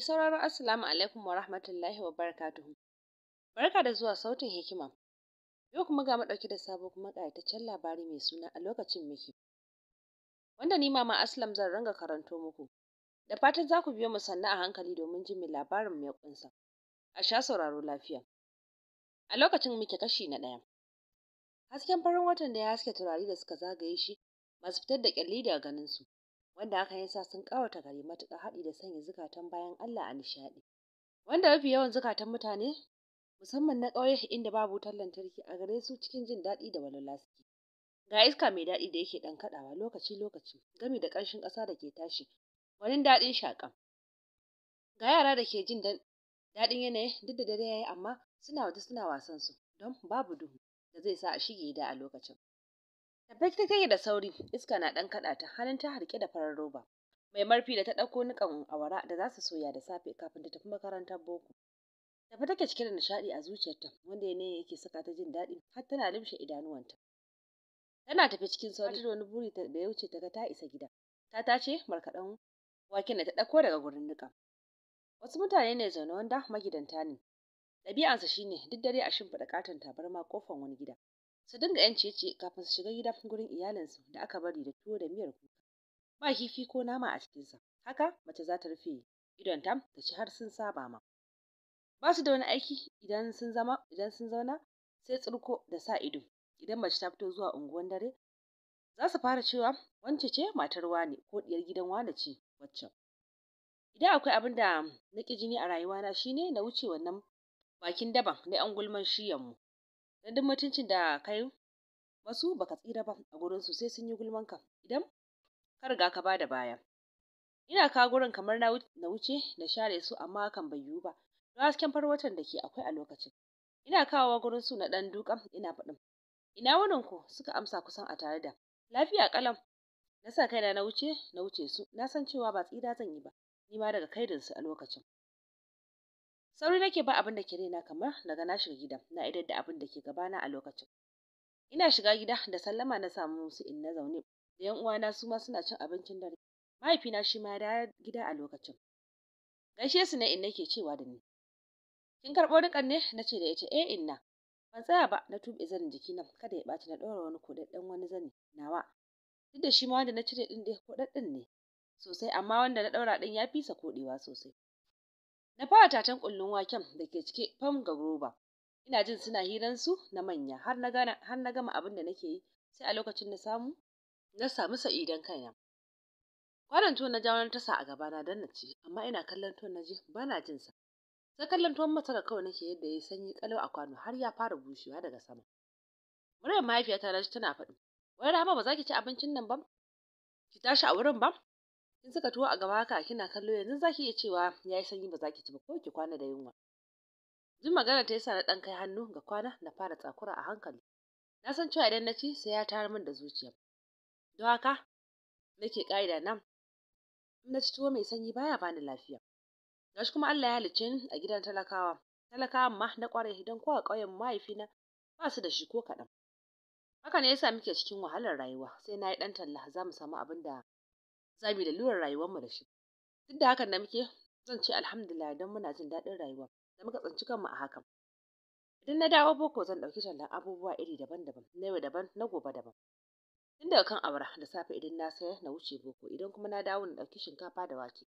sauraro Assalamu alaikum wa rahmatullahi wa barakatuhu. Barka da zuwa sautin hikima. Yau kuma ga madauki da sabo kuma ƙayataccen labari mai suna a lokacin miki. Wanda ni mama Aslam zan ranga karanto muku. Da fatan za ku biyo mu sannu a hankali domin jin labarin mai kunsa. A sha sauraro lafiya. A lokacin miki kashi na ɗaya. Hasken farin watan da ya haske turare da suka zagaye shi masu fitar da ƙyalli daga ganinsu. wanda hakan ya sa sun ƙawata gari matuka haɗi da sanya zukatan bayan Allah a nishaɗi. Wanda mafi yawan zukatan mutane musamman na ƙauye inda babu wutar lantarki a gare su cikin jin daɗi da walwala suke. Ga iska mai daɗi da yake ɗan kaɗawa lokaci-lokaci gami da ƙarshen ƙasa da ke tashi wani daɗin shaƙan. Ga yara da ke jin daɗin yanayi duk da dare ya yi amma suna wata suna wasan su don babu duhu da zai sa a shige da a lokacin. ta take da sauri, iska na ɗan kaɗa ta, hannun ta harke da farar roba. Mai marfi da ta ɗauko niƙan awara da za su soya da safe kafin ta tafi makarantar boko. Tafi take cike da nishaɗi a zuciyarta, wanda ne yake saka ta jin daɗi har tana limshe idanuwanta. Tana tafi cikin sauri da wani buri da ya wuce ta ga ta isa gida. Ta tace markaɗan waken da ta ɗauko daga gurin niƙa. Wasu mutane ne zaune wanda magidanta ne. Ɗabi'ansa shine duk dare a shimfiɗa ƙaton tabarma ƙofar wani gida. su dinga yan ciye kafin su shiga gida gurin iyalinsu da aka bari da tuwo da miyar kuka ba kifi ko nama a cikinsa haka mace za ta rufe idonta ta ci har sun saba ma ba su da wani aiki idan sun zama idan sun zauna sai tsurko da sa ido idan mace ta fito zuwa unguwan dare za su fara cewa wance ce matar wane ko diyar gidan wane ce waccan idan akwai abin da na ƙi jini a rayuwana shine na wuce wannan bakin daban na yan gulman shiyan mu dan duk mutuncin da kai wasu baka tsira ba a gurin su sai sun yi gulman ka idan ka riga ka ba da baya ina ka gurin kamar na wuce na share su amma kan bai yiwu ba don hasken farwatan da ke akwai a lokacin ina kawowa gurin su na ɗan duka ina faɗin ina wurin ku suka amsa kusan a tare da lafiya kalam na sa kaina na wuce na wuce su na san cewa ba tsira zan yi ba ni ma daga kaidansu a lokacin sauri nake ba abin da ke raina kamar daga na shiga gidan na idar da abin da ke gabana a lokacin ina shiga gida da sallama na samu musu in na zaune da yan uwana su ma suna cin abincin dare mahaifina shi ma ya dawo gida a lokacin gaishe su ne in nake cewa da ni kin karɓo rikan ne na ce da ita "E, inna ban tsaya ba na tuɓe zanin jikina kada ya ɓaci na ɗora wani kuɗaɗɗen wani zani nawa duk da shi ma wanda na cire ɗin dai ɗin ne sosai amma wanda na ɗaura ɗin ya fisa koɗewa sosai na fara tatan kullun waken da ke cike fam ga roba ina jin suna hiran su na manya har na gana har na gama abin da nake yi sai a lokacin na samu na samu sa'idan kaina kwanan tuwon na jawo na tasa a gaba na, don na ci amma ina kallon tuwon na ji ba jin sa sai kallon tuwon masara kawai nake yadda ya sanyi kalau a kwano har ya fara bushewa daga sama muryar mahaifiyata na ji tana faɗi wai rama ba za ki ci abincin nan ba ki tashi a wurin ba In suka tuwo a gaba haka kina kallo yanzu za ki iya cewa ya yi sanyi ba ki ci ba ko ki kwana da yunwa jin magana ta yasa na ɗan kai hannu ga kwana na fara tsakura a hankali na san cewa idan na ci sai ya tara min da zuciya don haka nake ƙa'ida nan in na ci tuwo mai sanyi baya bani lafiya gashi kuma Allah ya halicce ni a gidan talakawa Talakawa ma na ƙware idan ko a ƙauyen mahaifina ba su da shi ko kaɗan haka ne sa muke cikin wahalar rayuwa sai na yi ɗan talla za mu samu abin da za da lura rayuwarmu da shi duk da hakan da muke zan ce alhamdulillah don muna jin daɗin rayuwa da muka tsanci kanmu a hakan idan na dawo boko zan ɗauki tallan abubuwa iri daban-daban na yau daban na gobe daban tun daga kan awara da safe idan na sayar na wuce boko idan kuma na dawo na ɗauki shinkafa da wake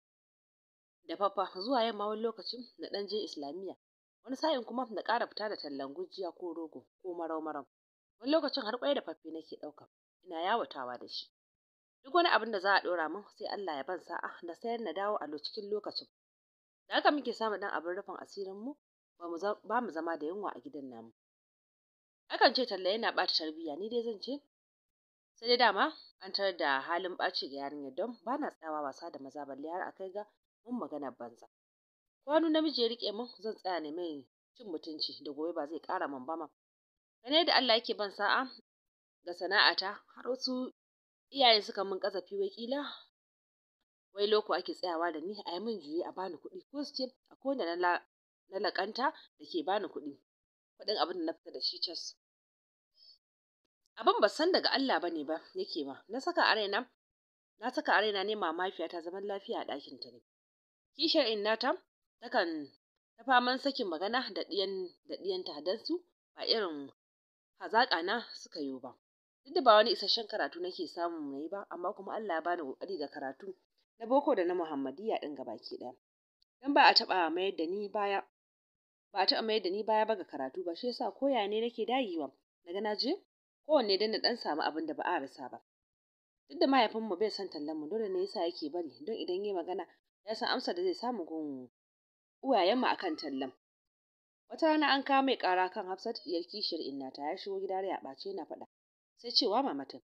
da fafa zuwa yamma wani lokacin na ɗan je islamiyya wani sa'in kuma na ƙara fita da tallan gujiya ko rogo ko marau-marau wani lokacin har ƙwai da faffe nake ɗauka ina yawatawa da shi duk wani abin da za a ɗora mun, sai Allah ya ban sa'a da sayar na dawo a cikin lokacin da haka muke samu ɗan abin rufin asirin mu ba mu zama da yunwa a gidan namu akan ce talla yana ɓata tarbiyya ni dai zan ce sai dai dama an tar da halin ɓaci ga yarinyar don ba na tsawa wasa da maza balle har akai ga mun magana banza kwanu namiji ya rike mun, zan tsaya ne mai cin mutunci da gobe ba zai ƙara min ba ma gane da Allah yake ban sa'a ga sana'ata har wasu iyaye suka min ƙazafi wai kila wai loko ake tsayawa da ni a yi min juye a bani kuɗi ko su ce kona na da ke bani kuɗi kuɗin abin da na fita da shi cas abin ba san daga Allah bane ba yake ba. na saka a raina na saka a ne mamafiya ta zaman lafiya a ɗakin ta ne kishiyar inna ta takan ta faman sakin magana da ɗiyan da ɗiyanta don su ba irin hazaƙa na suka yi ba duk da ba wani isasshen karatu nake samu na yi ba amma kuma Allah ya bani kokari da karatu na boko da na muhammadiyya din gabaki ɗaya dan ba a taɓa mayar da ni baya ba a taba mayar da ni baya ba ga karatu ba shi yasa koya ne nake dagewa na na je kowanne dan na dan samu abin da ba a rasa ba duk da mahaifinmu bai son tallan mu dole ne yasa yake bari don idan yi magana ya san amsa da zai samu gun uwayenmu akan tallan wata rana an kame mai kara kan Hafsat iyar kishiyar nata ya shigo gida ya bace na faɗa sai cewa mamatin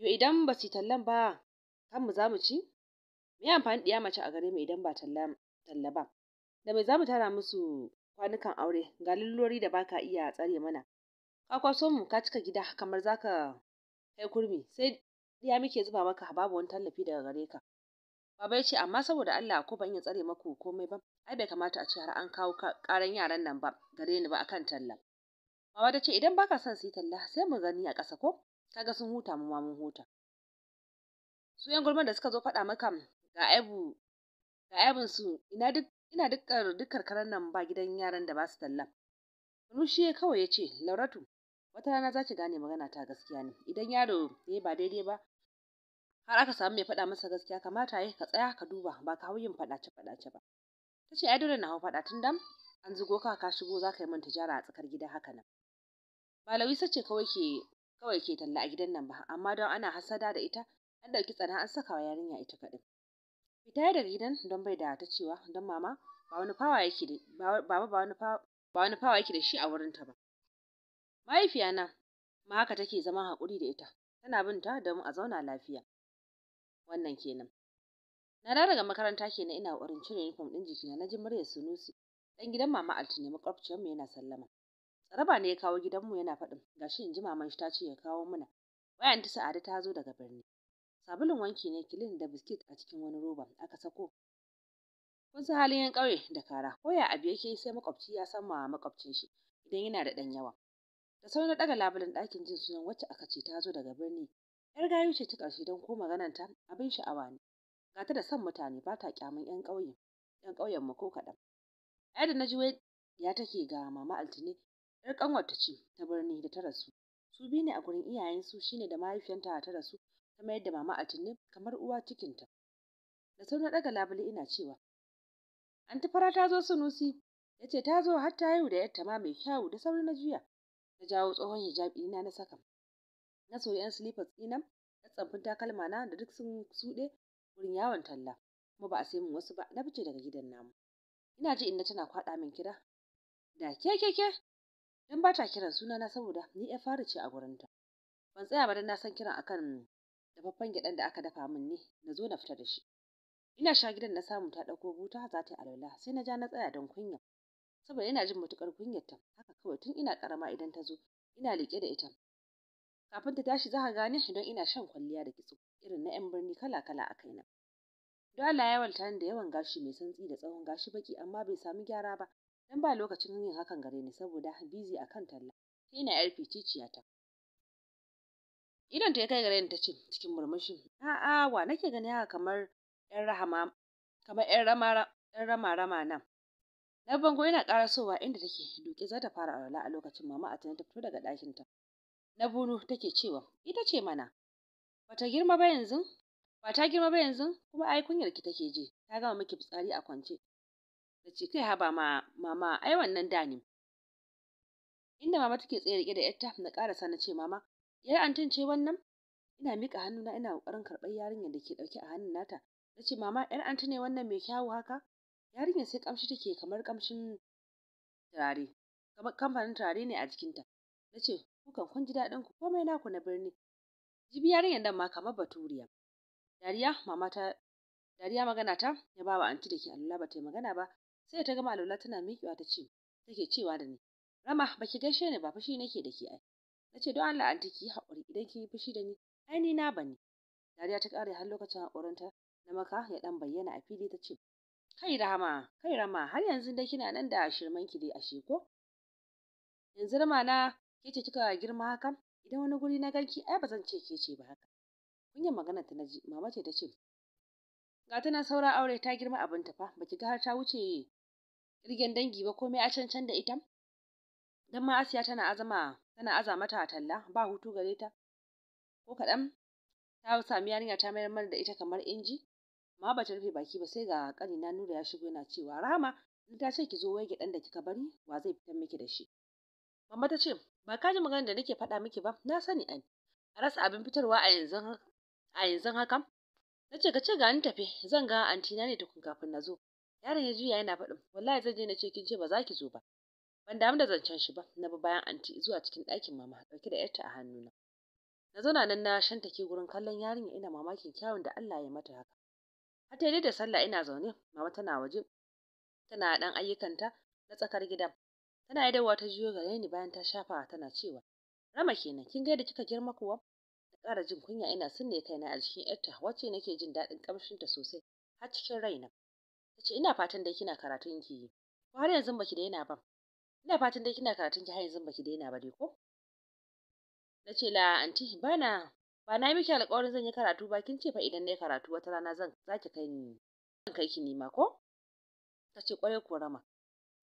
yo idan ba su tallan ba kan mu zamu ci me amfani ɗiya mace a gare mu idan ba talla ba da me zamu tara musu kwanukan aure ga lullori da baka iya tsare mana ka kwaso mu ka cika gida kamar zaka kai kurmi sai ɗaya muke zuba maka babu wani tallafi daga gare ka Baba ya ce amma saboda Allah ko ban iya tsare maku komai ba ai bai kamata a ce har an kawo karan yaran nan ba gare ni ba akan talla Mama ta ce idan baka son su yi talla sai mu gani a ƙasa ko? Kaga sun huta mu ma mun huta. Su yan gulman da suka zo faɗa maka ga aibu ga aibun su ina duk ina dukkar dukkar karan nan ba gidan yaran da ba su talla. Rushe kawai ya ce Lauratu wata rana za ki gane magana ta gaskiya ne idan yaro ya ba daidai ba har aka samu mai faɗa masa gaskiya kamata ya ka tsaya ka duba ba ka hau yin faɗace faɗace ba. Ta ce ai dole na hau faɗa tun dam an zugo ka ka shigo za ka yi min tijara a tsakar gida haka nan. ba lawisa ce kawai ke kawai ke talla a gidan nan ba amma don ana hasada da ita an ɗauki tsana an saka wa yarinya ita kaɗai fita ya gidan don bai da ta cewa don mama ba wani fawa yake da ba wani fawa ba wani fawa yake da shi a wurin ta ba mahaifiya na ma haka take zama hakuri da ita tana bin ta don a zauna lafiya wannan kenan na dawo daga makaranta kenan ina kokarin cire uniform din jikina na ji muryar sunusi Dan gidan mama altine makwabciyar mu yana sallama Tsaraba ne ya kawo gidanmu yana faɗin ga shi in ji maman shi ta ce ya kawo mana. Wayan ta Sa'adu ta zo daga birni. Sabulun wanki ne kilin da biskit a cikin wani roba aka sako. Kun san halin yan ƙauye da kara ko ya abu yake sai makwabci ya san ma makwabcin shi idan yana da ɗan yawa. Da sau na ɗaga labulen ɗakin jin sunan wacce aka ce ta zo daga birni. Yar gayu ce ta ƙarshe don ko magananta abin sha'awa ne. Ga ta da son mutane ba ta ƙyaman 'yan ƙauye, 'yan ƙauyen mu ko kaɗan. Ai da na ji wai ya take ga mama Altine Yar ƙanwarta ce ta birni da ta rasu. Su biyu ne a gurin iyayensu ne da mahaifiyarta ta rasu ta mayar da mama a Atine kamar uwa cikinta. Da sauri na ɗaga labule ina cewa Anti fara ta zo Sunusi ya ce ta zo har ta haihu da yarta ma mai kyau da sauri na juya ta jawo tsohon hijabi na na saka. Na soyi 'yan silifas ɗina na tsamfin takalma na da duk sun suɗe wurin yawon talla kuma ba a sai min wasu ba na fice daga gidan namu. Ina ji inda tana kwaɗa min kira da ke ke ke dan ba ta kiran sunana saboda ni ya fara ce a gurinta ban tsaya ba dan na san kiran akan dafaffen gyaɗan da aka dafa min ne na zo na fita da shi ina sha gidan na samu ta ɗauko buta za ta yi alwala sai na ja na tsaya don kunya saboda ina jin matukar kunyar ta haka kawai tun ina karama idan ta zo ina liƙe da ita kafin ta tashi za ka gane don ina shan kwalliya da kitso irin na 'yan birni kala-kala a kaina. Dole ya walta da yawan gashi mai santsi da tsawon gashi baki amma bai samu gyara ba Dan ba lokacin yin hakan gare ni saboda a kan talla. Sai na yar ficiciya ta. Idan ta kai gare ni ta ce cikin murmushi, "A'a, wa nake gani haka kamar 'yan rahama kamar 'yan ramara 'yan rama-rama nan." Na bango yana karasowa inda take duke za ta fara alwala a lokacin mama a ta fito daga ɗakin ta. Na bunu take cewa, "Ita ce mana." Bata girma ba yanzu, ba ta girma ba yanzu kuma ai kunyar ki take ji. Ta gama miki fitsari a kwance. Da ce kai haba ma mama ai wannan da ne inda mama take tsaye rike da yarta na karasa na ce mama yar antin ce wannan ina mika hannuna ina kokarin karɓar yarinyar da ke ɗauke a hannun nata na ce mama yar anti ne wannan mai kyawu haka yarinyar sai kamshi take kamar kamshin turare kamar kamfanin turare ne a jikinta na ce kukan kun ji daɗin ku komai naku na birni jibi yarinyar nan ma kamar baturiya dariya mama ta dariya magana ta ya bawa anti da ke allula ba ta yi magana ba sai ta gama Lola tana miƙewa ta ce take cewa da ni rama ba ki gaishe ni ba fushi nake da ke ai na ce don Allah anti ki haƙuri idan ki yi fushi da ni ai ni na bani dariya ta ƙare har lokacin haƙurinta na maka ya ɗan bayyana a fili ta ce kai rama kai rama har yanzu dai kina nan da shirman ki dai ashe ko yanzu rama na ke ce kika girma haka idan wani guri na ganki ai ba zan ce ke ce ba haka kunyan magana ta naji mama ce ta ce ga tana saura aure ta girma abin ta fa baki ga har ta wuce Jirgin dangi ba komai a cancan da ita dan ma Asiya tana azama tana aza mata talla ba hutu gare ta ko kaɗan ta sami yarinya ta mayar mana da ita kamar inji amma ba ta rufe baki ba sai ga ƙanina Nura ya shigo yana cewa Rama in ta ce ki zo wai gidan da kika bari wa zai fitar miki da shi Mama ta ce ba ka ji magana da nake faɗa miki ba na sani an a rasa abin fitarwa a yanzu a yanzu haka na ce ka ce ga ni tafe zan ga na ne tukun kafin na zo Yaron ya juya yana faɗin wallahi zan je na ce kin ce ba za ki zo ba. Ban damu da zancen shi ba na bi bayan anti zuwa cikin ɗakin mama ɗauke da yarta a hannuna. Na zauna nan na shantake gurin kallon yarinya ina mamakin kyawun da Allah ya mata haka. Har ta da sallah ina zaune mama tana waje tana ɗan ayyukanta na tsakar gida. Tana yi dawa ta juyo gare ni bayan ta shafa tana cewa Rama kenan kin ga da kika girma kuwa ƙara jin kunya ina sanne kaina a cikin yarta wacce nake jin daɗin ƙamshinta sosai har cikin raina. ta ce ina fatan dai kina karatun ki yi ko har yanzu baki daina ba ina fatan dai kina karatun ki har yanzu baki daina ba dai ko na ce la anti bana ba na miki alƙawarin zan yi karatu ba kin ce fa idan na yi karatu wata rana zan zaki kai ni zan kai ki nima ko ta ce kwarai ko rama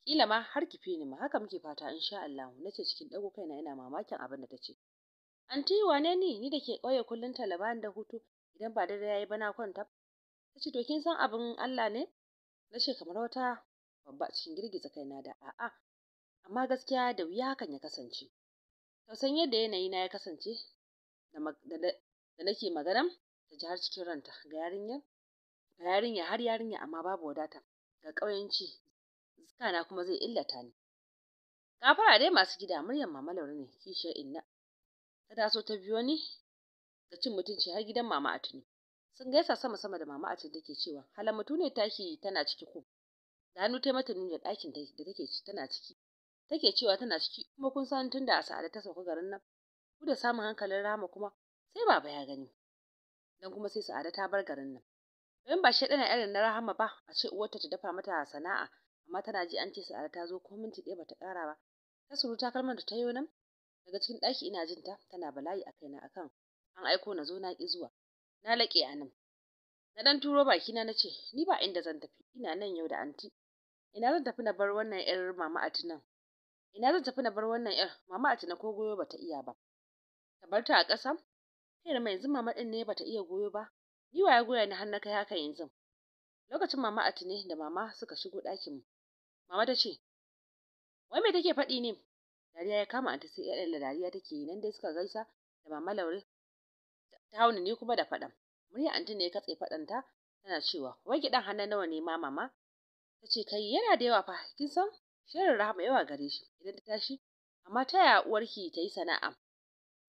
kila ma har ki fi ni ma haka muke fata insha Allah na ce cikin dago kaina ina mamakin abin da ta ce anti wane ni ni da ke ƙauye kullum talaba da hutu idan ba dare yayi ba na kwanta ta ce to kin san abin Allah ne na ce kamar wata babba cikin girgiza kaina da a'a amma gaskiya da wuya hakan ya kasance tausayin yadda yanayi na ya kasance da nake maganan ta ji har cikin ranta ga yarinyar ga yarinya har yarinya amma babu wadata ga ƙauyenci. na kuma zai illata ni gafara dai masu gida muryar mama lauri ne kishiyar inna ta taso ta biyo ni da cin mutunci har gidan mama a tuni sun gaisa sama sama da mama a take cewa halamatu ne taki tana ciki ko da hannu ta mata nuna ɗakin da take tana ciki take cewa tana ciki kuma kun san tunda a sa'ada ta sauka garin nan ku da samun hankalin rama kuma sai baba ya gani dan kuma sai sa'ada ta bar garin nan don ba shaɗana irin na rahama ba a ce uwarta ta dafa mata sana'a amma tana ji an ce sa'ada ta zo ko minti ɗaya bata ƙara ba ta surutu kalmar da ta yi nan daga cikin ɗaki ina jin ta tana bala'i a kaina akan an aiko na zo na ƙi zuwa na laƙe a nan na dan turo bakina na ce ni ba inda zan tafi ina nan yau da anti ina zan tafi na bar wannan yar mama a tunan ina zan tafi na bar wannan yar mama a tunan ko goyo bata iya ba Ka bar ta a ƙasa kai mai yanzu mama din ne bata iya goyo ba ni waya goya ni har na kai haka yanzu lokacin mama a tune da mama suka shigo ɗakin mu mama ta ce wai me take faɗi ne dariya ya kama anta sai ƴaƴan da dariya take yi nan dai suka gaisa da mama laure ta hauna ni kuma da faɗan murya anti ne ya katse faɗan ta tana cewa wai gidan hannu nawa ne ma mama Tace ce kai yana da yawa fa kin san shirin rahama yawa gare shi idan ta tashi amma ta yaya uwarki ta yi sana'a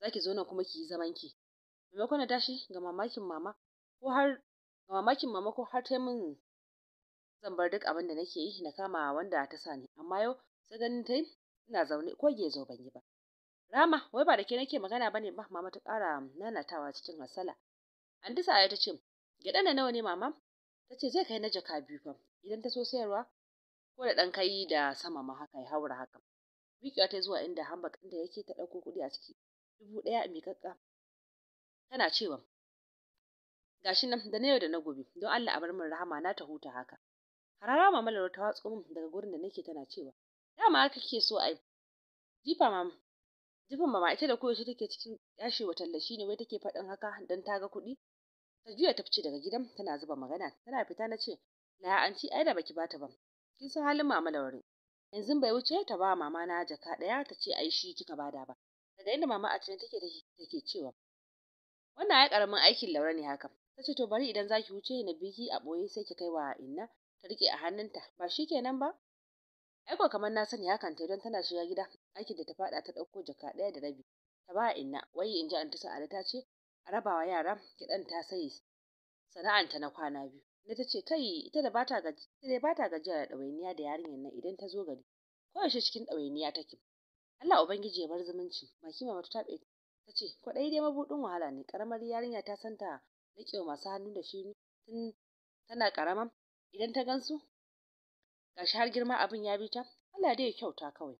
zaki zo nan kuma ki yi zaman ki maimakon na tashi ga mamakin mama ko har ga mamakin mama ko har ta min zan bar duk abin da nake yi na kama wanda ta sani amma yau sai ganin ta ina zaune ko zo ban yi ba Rama wai ba da ke nake magana ba ne ba mama ta ƙara nanatawa cikin hasala. An Sa'aya ta ce Gyaɗa na nawa ne mama? Ta ce zai kai na jaka biyu fa idan ta so sayarwa ko da ɗan kai da sama ma haka ya haura haka. Miƙewa ta zuwa inda hambak da yake ta ɗauko kuɗi a ciki dubu ɗaya a miƙaƙƙa tana cewa gashi nan da na yau da na gobe don Allah a bar min rahama na ta huta haka. Harara mama Laura ta watso min daga gurin da nake tana cewa dama kake so a yi. jifa mama. jifin mama ita da koyaushe take cikin wa tallashi ne wai take faɗin haka don ta ga kuɗi ta juya ta fice daga gidan tana zuba magana tana fita na ce na anci ai da baki bata ba kin san halin mama laure yanzu bai wuce ta ba mama na jaka ɗaya ta ce ai shi kika bada ba daga inda mama a ne take take cewa wannan ai karamin aikin laure ne haka ta ce to bari idan zaki wuce na biki a boye sai ki kai wa inna ta rike a hannunta ba shi kenan ba Aiko kamar na sani hakan ta don tana shiga gida aikin da ta faɗa ta ɗauko jaka ɗaya da rabi. Ta ba inna wai in ji ta Sa'ada ta ce a rabawa yara gyaɗan ta sayi sana'anta na kwana biyu. Inna ta ce kai ita da bata gaji ita dai bata gajiya da ɗawainiya da yarinyar nan idan ta zo gari. ko yaushe cikin ɗawainiya take. Allah Ubangiji ya bar zumunci. Baki mama ta taɓe ta ce kwaɗayi dai mabuɗin wahala ne ƙaramar yarinya ta santa riƙewa masu hannu da shi tun tana ƙarama idan ta gansu gashi har girma abin ya bi ta Allah dai ya kyauta kawai